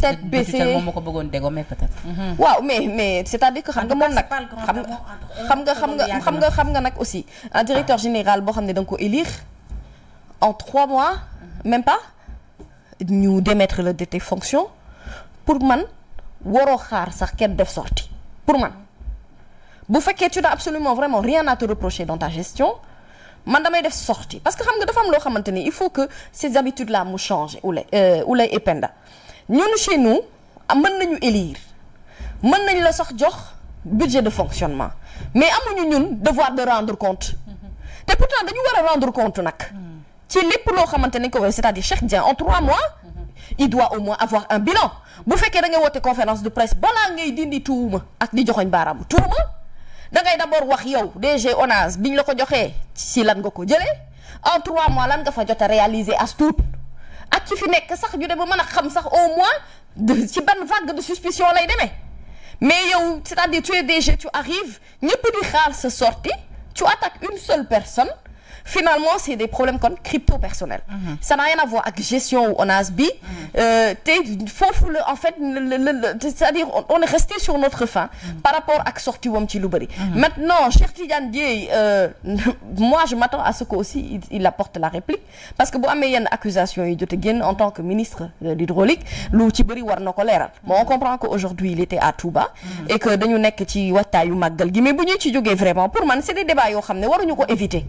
tête baissée moom ko bëggoon dégommer peut-être. Hmm. waaw mais mais c'est-à-dire que xam nga moom nag xam nga xam nga xam nga xam nga nag aussi un directeur général boo xam ne danga ko élire en trois mois hmm. même pas ñu démettre la de tes fonctions pour man waroo xaar sax kenn def sorti pour man bu fekkee tu n'as absolument vraiment rien à te reprocher dans ta gestion man damay def sortie parce que xam nga dafa loo xamante ni il faut que ces habitudes là mu changer Ouleye euh, Ouleye et ñun chez nous ah, mën nañu élire mën nañu la sax jox budget de fonctionnement mais amuñu ñun devoir de rendre compte mm-hmm. te pourtant dañu war a rendre compte nag mm-hmm. ci lépp loo xamante nañ ko waxee c'est-à-dire Cheikh Dieng en trois mois mm-hmm. il doit au moins avoir un bilan bu fekkee da ngay woote conférence de presse balaa ngay dindi tuuma ak di joxoñ baaraamu tuuma da ngay d'abord wax yow DG ONAS biñ la ko joxee ci lan nga ko jëlee en trois mois lan nga fa jot a réaliser ak ci fi nekk sax ñu dem ba mën a xam sax au moins ci ban vague de suspicion lay demee mais yow c'est-à-dire tu es DG tu arrives ñëpp di xaar sa sortie tu attaques une seule personne finalement c'est des problèmes kon crypto personnel mm -hmm. ça n'a rien à ak gestion wu ONAS bi euh, te foofu la en fait c'est-à-dire on est resté sur notre fin par rapport ak sorti wam ci lu bëri maintenant Cheikh Tidiane Dieye euh, moi je m'attends à ce que aussi il, il apporte la réplique parce que bu amee yenn accusation yi jot a génn en tant que ministre de l'hydraulique lu ci bëri war na ko leeral bon on comprend que aujourd'hui il était à Touba et que dañu màggal gi mais bu ñu ci jógee vraiment pour man c'est des débats yoo xam ne waruñu ko éviter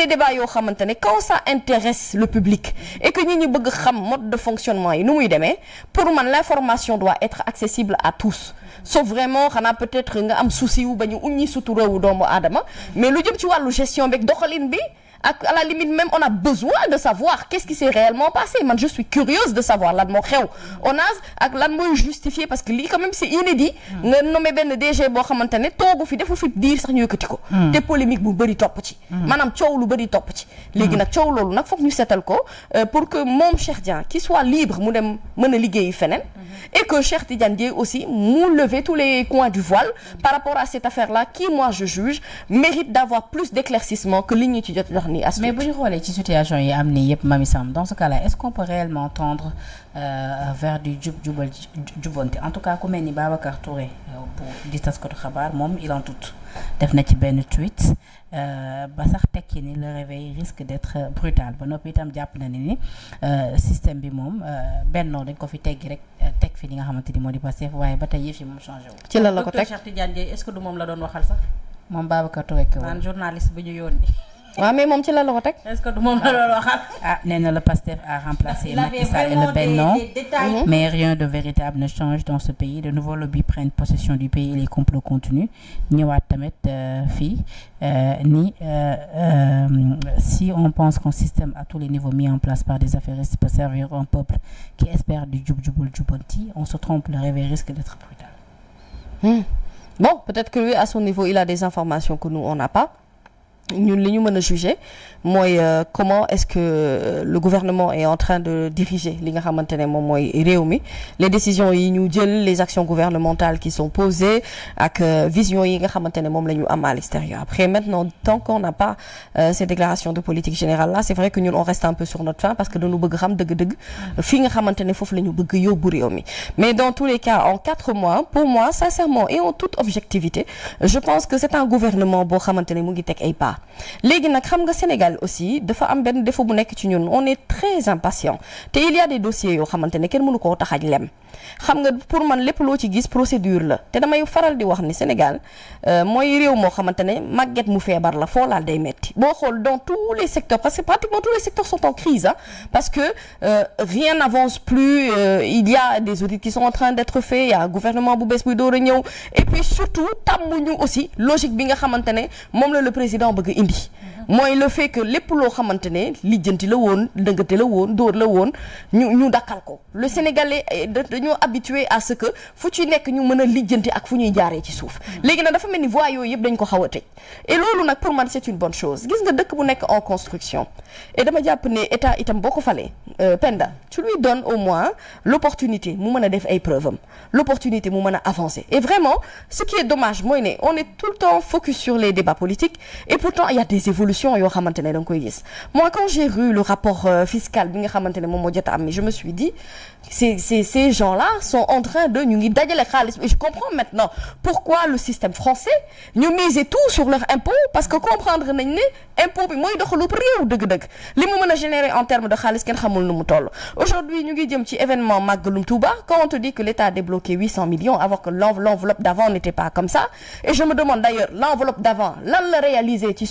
des débats yoo xamante ne quand ça intéresse le public et que ñi ñu bëgg xam mode de fonctionnement yi nu muy demee pour man l'information doit être accessible à tous sauf vraiment xanaa peut-être nga am souci wu ba ñu uññi sutura wu doomu aadama mais lu jëm ci wàllu gestion beeg doxalin bi ak à la limite même on a besoin de savoir qu'est-ce qui s'est réellement passé man je suis curieuse de savoir lan moo xew ONAS ak lan mooy justifié parce que lii quand même c'est inédit hmm. nga nommé benn DG boo xamante ne toogu fi defu fi diir sax ñu yëkkati ko hmm. te polémique bu bëri topp ci hmm. maanaam coow lu bëri topp ci léegi nag coow loolu nag foog ñu seetal ko euh, pour que moom Cheikh Dieng qui soit libre mu dem mën a liggéeyi feneen et que Cheikh Tidiane Dièye aussi mu lever tous les coins du voile par rapport à cette affaire-là qui moi je juge mérite d'avoir plus d'éclaircissement que li ñu ci jot jox ni as mais bu ñu xoolee ci situation yi am ni yëpp Mamy Samb dans ce cas-là est-ce qu'on peut réellement tendre euh, vers du jub jubal jubonte en tout cas ku mel ni Babacar Touré euh, pour di taskatu xabaar moom il en doute def na ci benn tweet euh, ba sax tekki ni le réveil risque d'être brutal ba noppi itam jàpp na ni ni euh, système bi moom euh, bennoo dañ ko fi teggi rek teg fi li nga xamante ni moo di Pastef waaye ba te yëf yi moom changé wu. ci lan la ko teg docteur Cheikh Tidiane Dièye est-ce que du moom la doon waxal sax. moom Babacar Touré naan journaliste bi ñu yónni. waaw mais moom ci la la ko teg. est-ce la doon waxal. ah nee na le Pastef a remplacé Macky mhm. mais rien de véritable ne change dans ce pays de nouveaux lobbies prennent possession du pays et les complots continuent ñëwaat tamit euh, fii euh, ni euh, si on pense qu'un système à tous les niveaux mis en place par des affairistes peut servir un peuple qui espère du jub jubul jubanti on se trompe le réveil risque d'être brutal. Hmm. bon peut-être que lui à son niveau il a des informations que nous on n'a pas. ñun li ñu mën a juger mooy euh, comment est-ce que euh, le gouvernement est en train de diriger li nga xamante ne moom mooy réew mi les décisions yi ñu jël les actions gouvernementales qui sont posées ak euh, vision yi nga xamante ne moom la ñu am à l'extérieur après maintenant tant qu'on n'a pas ces déclarations de politique générale là c'est vrai que ñun on reste un peu sur notre faim parce que dañu bëgg xam dëgg-dëgg fii nga xamante ne foofu la ñu bëgg yóbbu réew mi mais dans tous les cas en quatre mois pour pense que c'est un boo xamante ne mu ngi teg ay léegi nag xam nga Sénégal aussi dafa am benn défaut bu nekk ci ñun on est très impatient te il y a des dossiers yoo xamante ne kenn mënu koo taxaj lem xam nga pour man lépp loo ci gis procédure la te damay faral di wax ni Sénégal euh, mooy réew moo xamante ne màgget mu feebar la foo laal day metti boo xool dans tous les secteurs parce que pratiquement tous les secteurs sont en crise parce que euh, rien n'avance plus euh, il y des audits qui sont en train d'être faits il bu bees buy door a ñëw et puis surtout tàmmuñu bi nga xamante ne moom la le président bëgg indi mooy le fait que lépp loo xamante ne lijjanti la woon dëngate la woon dóor la woon ñu ñu dakkal ko le sénégalais dañoo habitué à ce que fu ci nekk ñu mën a lijjanti ak fu ñuy jaaree ci suuf mm. léegi nag dafa mel ni voie yooyu yëpp dañ ko xaw a tëj et loolu nag pour man c'est une bonne chose gis nga dëkk bu nekk en construction et dama jàpp ne état itam boo ko falee euh, Penda tu lui donnes au moins l'opportunité mu mën a def ay preuve am l'opportunité mu mën a avancer et vraiment ce qui est dommage tout le temps focus sur évolution euh, a je me suis dit ces gens là sont en train de ñu ngi dajale xaalis je comprends maintenant pourquoi le système français ñu miser tout sur leur impôt parce que comprendre nañ ne impôt bi mooy doxalu réew dëgg-dëgg li mu mën a générer en terme de xaalis kenn xamul nu mu toll quand on te dit que l'État a débloqué millions alors que l'enveloppe d'avant n'était pas comme ça et je me demande d'ailleurs l'enveloppe d'avant la réaliser ci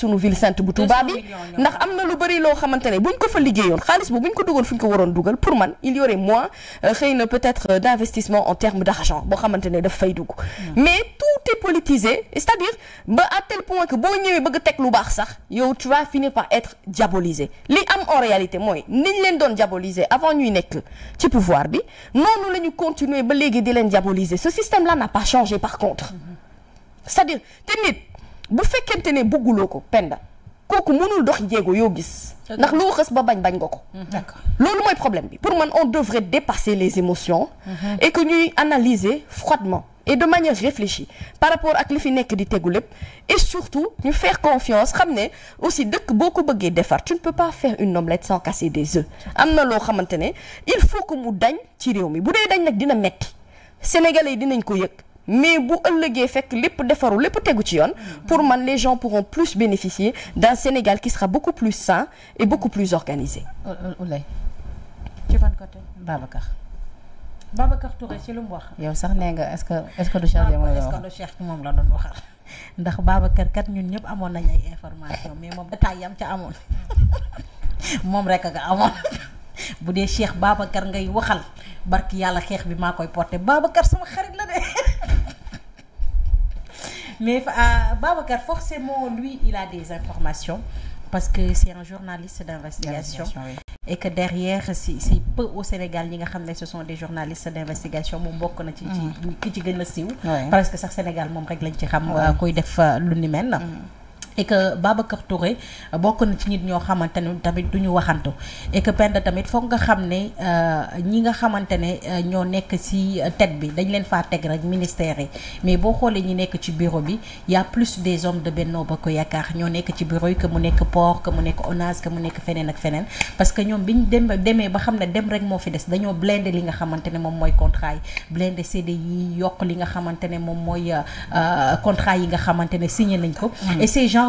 bu Touba bi ndax am na lu bari loo xamante ne buñ ko fa liggéeyoon xaalis bu buñ ko dugoon fu ñu ko waroon dugal pour man il y moins euh, xëy na peut-être euh, d'investissement en termes d'argent boo xamante ne daf fay dugg hmm. mais tout est politisé c'est-à-dire ba à tel point que boo ñëwee bëgg teg lu baax sax yow tu vas finir par être diabolisé li am en réalité mooy niñ leen doon diaboliser avant ñuy nekk ci pouvoir bi noonu la ñu continuer ba léegi di leen diaboliser ce système là n'a par contre hmm. c'est-à-dire te nit bu fekkente ne bëgguloo ko penda kooku mënul dox jéego yoo gis ndax loo xës ba bañ bañ nga ko loolu mooy problème bi pour man on devrait dépasser les émotions et que ñuy analyser froidement et de manière réfléchie par rapport ak li fi nekk di tegu lépp et surtout ñu faire confiance xam ne aussi dëkk boo ko bëggee defar tu ne peux pas faire une omelette sans casser des œufs am na loo xamante ne il faut que mu dañ ci réew mi bu dee dañ nag dina metti sénégalais yi dinañ ko yëg mais bu ëllëgee fekk lépp defaru lépp tegu ci yoon pour man les gens plus bénéficier d'un Sénégal qui sera beaucoup plus sain et beaucoup plus organisé. Euh, euh, Oulaye ci ban côté Babacar. Babacar Touré lu mu wax. yow sax nee nga est-ce que est-ce que du Cheikh ah, moom la du Cheikh moom la doon waxal ndax Babacar kat ñun ñëpp amoon nañ ay information mais moom détail yam ca amoon moom rek nga amoon bu dee Cheikh Babacar ngay waxal barki yàlla xeex bi maa koy porté Babacar sama xarit. mais euh, Babacar forcément lui il a des informations parce que c'est un journaliste d'investigation oui. et que derrière si si peu au Sénégal ñi nga xam ne ce sont des journalistes d'investigation moom bokk na ci ci mm. ki ci gën a siiw parce que sax Sénégal moom rek lañ ci xam koy def euh, lu ni mel mm. et que Babacar Touré euh, bokk na ci nit ñoo xamante ne tamit duñu waxantu et que Penda tamit foog nga xam ne euh, ñi nga xamante ne euh, ñoo nekk ci tête bi dañ leen faa teg rek ministère yi mais boo xoolee ñi nekk ci bureau bi y plus des hommes de Benno Bokk Yaakaar ñoo nekk ci bureau yi que mu nekk port que mu nekk ONAS que mu nekk feneen ak feneen parce que ñoom biñ dem demee ba xam ne dem rek moo fi des dañoo blindé li nga xamante ne moom mooy contrat yi blindé CD yi yokk li nga xamante ne moom mooy contrat yi nga xamante ne signé nañ ko mm.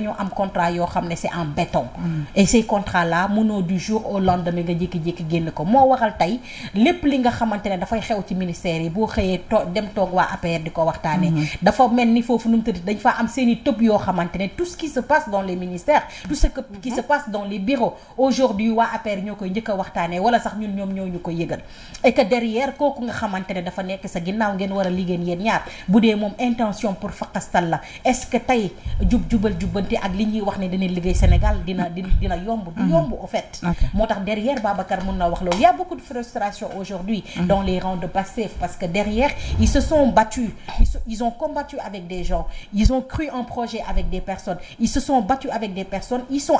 dañoo am contrat yoo xam ne c'est en béton mm. et ces contrats là mënoo du jour au lendemain nga jékki-jékki génn ko moo waral tey lépp li nga xamante ne dafay xew ci ministère yi boo xëyee to dem toog waa APR mm-hmm. dafa mel ni foofu nu dañ faa am seen tëb yoo xamante ne tout ce qui se passe dans les ministères tout ce qui mm-hmm. se passe dans les bureaux aujourd'hui waa APR ñoo koy njëkk a waxtaanee sax ñun ñoom ñoo ñu ko yëgal et que kooku nga xamante ne dafa nekk sa ginnaaw ngeen war liggéey yéen ñaar bu dee bëggante ak li ñuy wax ne dina liggéey Sénégal dina dina dina yomb du mhm. yomb fait moo derrière Babacar mun na wax loolu y a beaucoup de frustration aujourd'hui mhm. dans les rangs de Pastef parce que derrière ils se sont battus ils ont combattu avec des gens ils ont cru en projet avec des personnes ils se sont battus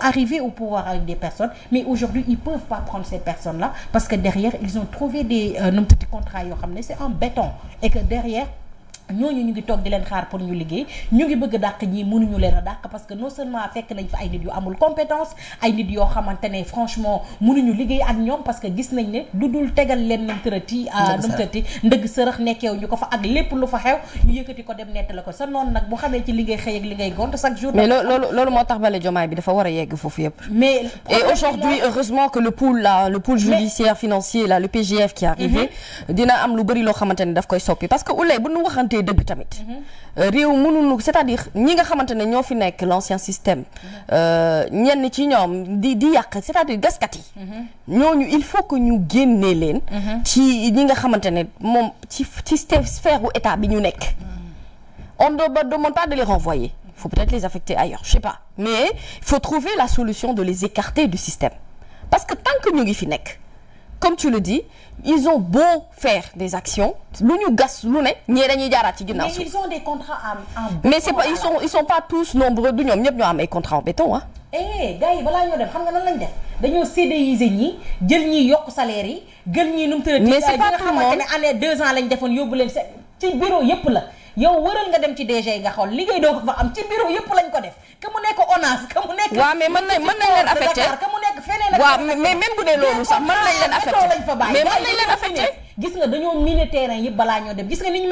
arrivés au pouvoir avec des personnes mais aujourd'hui ils peuvent pas prendre ces personnes là parce que derrière ils ont trouvé des euh, contrats yoo xam ne c'est en béton et que derrière ñooñu ñu ngi toog di leen xaar pour ñu liggéey ñu ngi bëgg dàq ñii mënuñu leen dàq parce que non seulement fekk nañ fa ay nit yu amul compétence ay nit yoo xamante franchement mënuñu liggéey ak ñoom parce que gis nañ ne du dul tegal leen num tërati ah, ndëgg sërëx nekkeew ñu ko fa ak lépp lu fa xew ñu yëkkati ko dem nett la ko sa noonu nag bu xamee ci li ngay xëy ak li ngay gont chaque jour mais loolu loolu moo tax bale jomaay bi dafa war a yegg foofu mhm. lu loo xamante ne daf koy soppi parce waxantee dëgg tamit. réew mënuñu c'est-à-dire ñi nga xamante ne ñoo fi nekk l'ancien système. Euh, ñenn ci ñoom di di yàq c'est-à-dire gaskat yi. ñooñu il faut que ñu génnee leen. ci ñi nga xamante ne moom ci ci sphère u état bi ñu nekk. on ne demande pas de les renvoyer. faut peut-être les affecter ailleurs je sais pas mais il faut trouver la solution de les écarter du système parce que tant que ñu ngi fi nekk. comme tu le dis ils ont beau faire des actions lu ñu gas lu ne ñee dañuy jaaraat ci ginnaaw mais ils ont des contrats en béton mais c'est pas ils sont ils sont pas tous nombreux du ñoom ñëpp ñoo am ay contrats en béton ah. eh balaa ñoo dem xam nga nan lañ def dañoo CDIser ñi jël ñi yokk salaire gël ñi nu ci bureau yëpp la. yow wëral nga dem ci DG yi nga xool liggéey doo ko fa am ci bureau yëpp lañ ko def que mu nekk ONAS que mu nekk. waaw nañ leen affecté waaw mais même bu dee loolu sax mën nañ leen affecté mais mën nañ leen affecté gis nga dañoo miné terrain yëpp balaa ñoo dem gis nga ni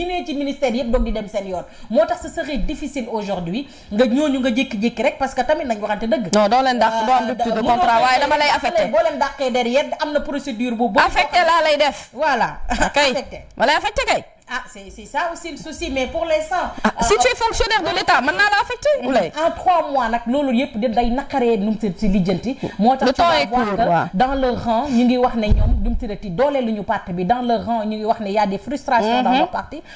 euh, ministère yëpp doog di dem seen yoon moo tax ce serait difficile aujourd'hui nga ñooñu nga jékki-jékki rek parce que tamit nañ waxante dëgg non doo leen dàq doo am rupture euh, de contrat waaye boo leen na procédure bu affecté laa lay def voilà ah, affecté ma lay affecté kay ah c' est, c' est mais pour l' instant. Ah, euh, si tu es fonctionnaire de l' état mën naa la affecté. Mm-hmm. Oulaye en trois mois nag loolu yëpp day naqaree nu si lijjanti. moo tax tu vas voir que dans le rang ñu ngi wax ne ñoom du mu ñu parti a mm-hmm.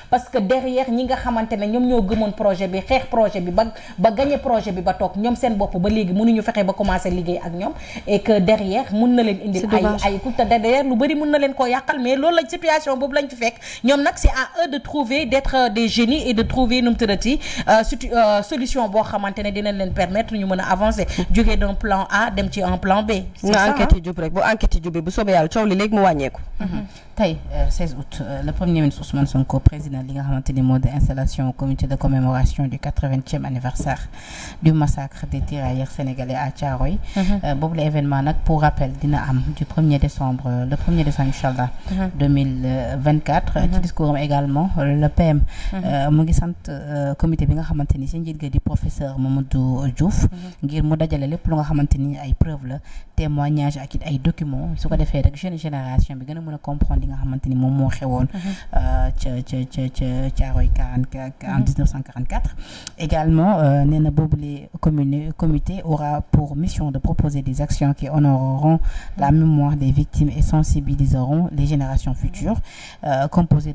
parce que derrière ñi nga xamante ne ñoom ñoo gëmoon projet bi xeex projet bi ba ba projet bi ba toog ñoom seen bopp ba léegi mënuñu fexe ba commencé liggéey ak ñoom et que derrière mun na leen indil. ay ay ku te derrière lu bëri mun na leen koo yàqal mais loolu la situation boobu à eux de trouver d'être euh, des génies et de trouver nu euh, euh, solution boo xamante ne dinañ leen permettre ñu mën a avancer jógee d'un plan A dem ci un plan B. c'est ça enquête yi jub rek bu enquête coow li léegi mu wàññeeku. Mhm. tey 16 le premier ministre Ousmane Sonko président li nga xamante ni moo di installation comité de commémoration du 80e anniversaire du massacre des tirailleurs sénégalais à Thiaroye. Mhm. boobu la événement nag pour rappel dina am du également euh, le PM. Mhm. Euh, mu ngi sant euh, comité bi nga xamante ni si njiit ga di professeur Mamadou Diouf. Mhm. ngir mu dajale lépp lu nga xamante ni ay preuve la témoignage ak it ay documents su ko defee rek jeune génération bi gën a mën a comprendre li nga xamante ni moom moo xewoon. Mhm. ca ca ca ca Thiaroye 44 en 1944. également nee na boobule commune comité aura pour mission de proposer des actions qui honoreront la mémoire des victimes et sensibiliseront les générations futures composées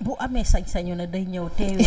bu amee sañ-sañu na day ñëw teewe